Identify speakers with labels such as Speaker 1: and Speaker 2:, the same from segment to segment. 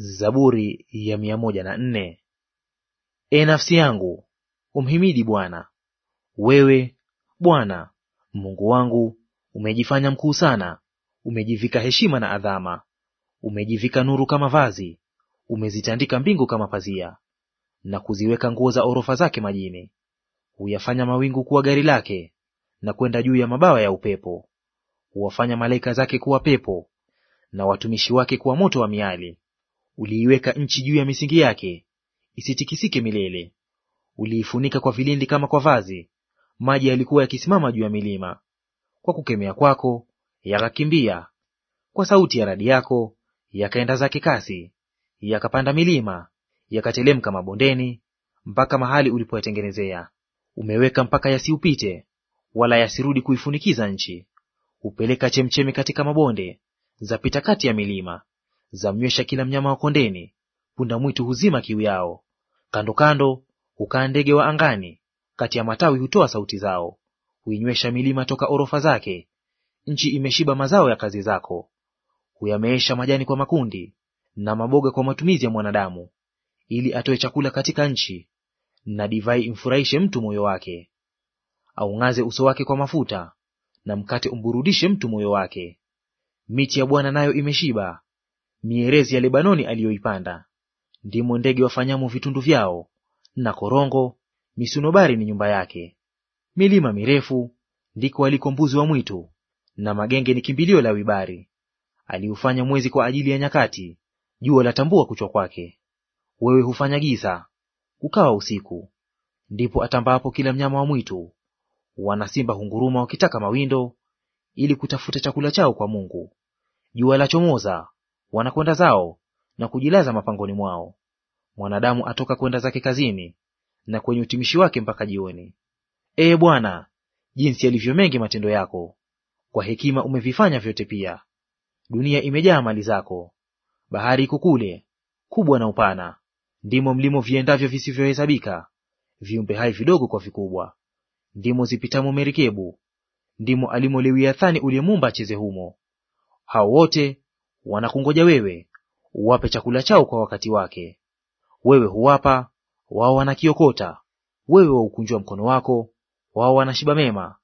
Speaker 1: Zaburi ya mia moja na nne. E nafsi yangu umhimidi Bwana. Wewe Bwana Mungu wangu umejifanya mkuu sana, umejivika heshima na adhama, umejivika nuru kama vazi, umezitandika mbingu kama pazia, na kuziweka nguo za orofa zake majini. Huyafanya mawingu kuwa gari lake, na kwenda juu ya mabawa ya upepo. Huwafanya malaika zake kuwa pepo, na watumishi wake kuwa moto wa miali. Uliiweka nchi juu ya misingi yake, isitikisike milele. Uliifunika kwa vilindi kama kwa vazi, maji yalikuwa yakisimama juu ya milima. Kwa kukemea kwako yakakimbia, kwa sauti ya radi yako yakaenda zake kasi, yakapanda milima, yakatelemka mabondeni, mpaka mahali ulipoyatengenezea. Umeweka mpaka yasiupite, wala yasirudi kuifunikiza nchi. Hupeleka chemchemi katika mabonde, zapita kati ya milima zamnywesha kila mnyama wa kondeni, punda mwitu huzima kiu yao. Kando kando hukaa ndege wa angani, kati ya matawi hutoa sauti zao. Huinywesha milima toka orofa zake, nchi imeshiba mazao ya kazi zako. Huyameesha majani kwa makundi na maboga kwa matumizi ya mwanadamu, ili atoe chakula katika nchi, na divai imfurahishe mtu moyo wake. Aung'aze uso wake kwa mafuta, na mkate umburudishe mtu moyo wake. Miti ya Bwana nayo imeshiba, mierezi ya Lebanoni aliyoipanda, ndimo ndege wafanyamo vitundu vyao, na korongo misunobari ni nyumba yake. Milima mirefu ndiko aliko mbuzi wa mwitu, na magenge ni kimbilio la wibari. Aliufanya mwezi kwa ajili ya nyakati, jua latambua kuchwa kwake. Wewe hufanya giza, kukawa usiku, ndipo atambaapo kila mnyama wa mwitu. Wana simba hunguruma wakitaka mawindo, ili kutafuta chakula chao kwa Mungu. Jua lachomoza, wanakwenda zao na kujilaza mapangoni mwao. Mwanadamu atoka kwenda zake kazini na kwenye utumishi wake mpaka jioni. Ee Bwana, jinsi yalivyo mengi matendo yako! Kwa hekima umevifanya vyote pia. Dunia imejaa mali zako. Bahari iko kule kubwa na upana, ndimo mlimo viendavyo visivyohesabika, viumbe hai vidogo kwa vikubwa, ndimo zipitamo merikebu, ndimo alimo Lewiathani uliyemumba acheze humo. Hao wote wanakungoja wewe uwape chakula chao kwa wakati wake. Wewe huwapa, wao wanakiokota; wewe waukunjua mkono wako, wao wanashiba mema;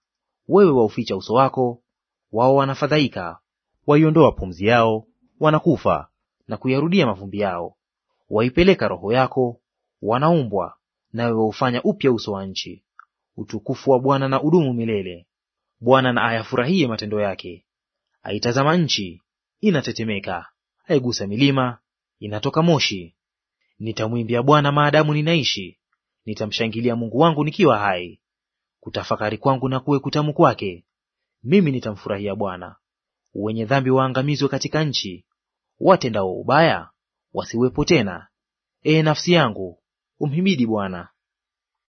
Speaker 1: wewe wauficha uso wako, wao wanafadhaika. Waiondoa pumzi yao, wanakufa na kuyarudia mavumbi yao. Waipeleka roho yako, wanaumbwa, nawe waufanya upya uso wa nchi. Utukufu wa Bwana na udumu milele. Bwana na ayafurahie matendo yake. Aitazama nchi inatetemeka, aigusa milima, inatoka moshi. Nitamwimbia Bwana maadamu ninaishi, nitamshangilia Mungu wangu nikiwa hai. Kutafakari kwangu na kuwe kutamu kwake, mimi nitamfurahia Bwana. Wenye dhambi waangamizwe katika nchi, watendao ubaya wasiwepo tena. Ee nafsi yangu, umhimidi Bwana.